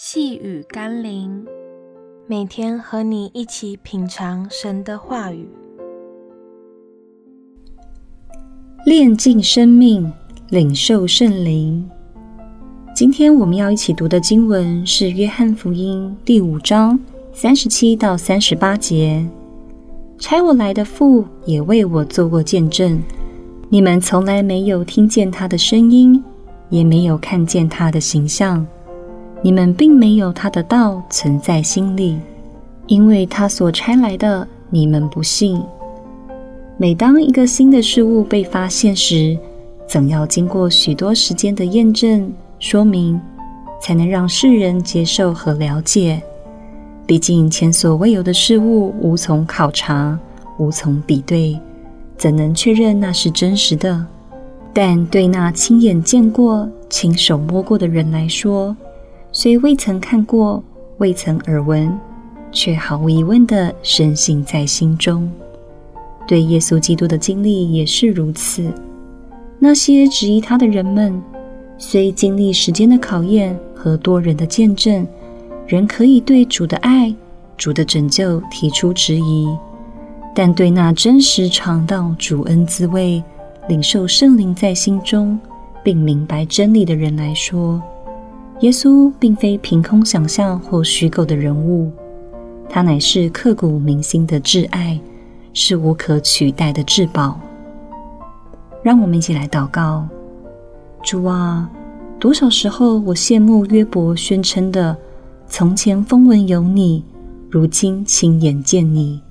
細語甘霖，每天和你一起品嘗神的話語，煉淨生命，領受聖靈。今天我們要一起讀的經文是《約翰福音》第五章三十七到三十八節。差我來的父也為我做過見證，你們從來沒有聽見他的聲音，也沒有看見他的形象。你們並沒有他的道存在心裡，因為他所差來的你們不信。每當一個新的事物被發現時，總要經過許多時間的驗證、說明，才能讓世人接受和了解。畢竟前所未有的事物，無從察考，無從比對，怎能確認那是真實的？但對那親眼見過、親手摸過的人來說，雖未曾看過，未曾耳聞，卻毫無疑問地深信在心中。對耶穌基督的經歷也是如此。那些質疑他的人們，雖經歷時間的考驗和多人的見證，仍可以對主的愛、主的拯救提出質疑。但對那真實嚐到主恩滋味、領受聖靈在心中，並明白真理的人來說，耶穌並非憑空想象或虛構的人物，他乃是刻骨銘心的摯愛，是無可取代的至寶。讓我們一起來禱告：主啊，多少時候我羨慕約伯宣稱的“從前風聞有你，如今親眼見你”，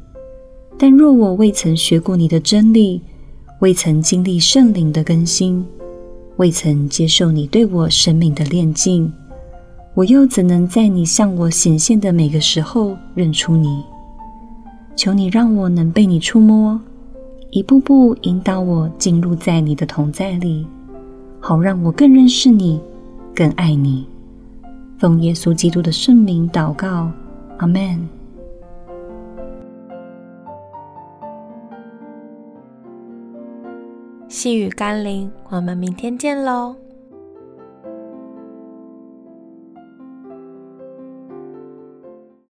但若我未曾學過你的真理，未曾經歷聖靈的更新。未曾接受你對我生命的煉淨，我又怎能在你向我顯現的每個時候認出你？求你讓我能被你觸摸，一步步引導我進入在你的同在裡，好讓我更認識你，更愛你。奉耶穌基督的聖名禱告，阿們。細語甘霖，我們明天見嘍。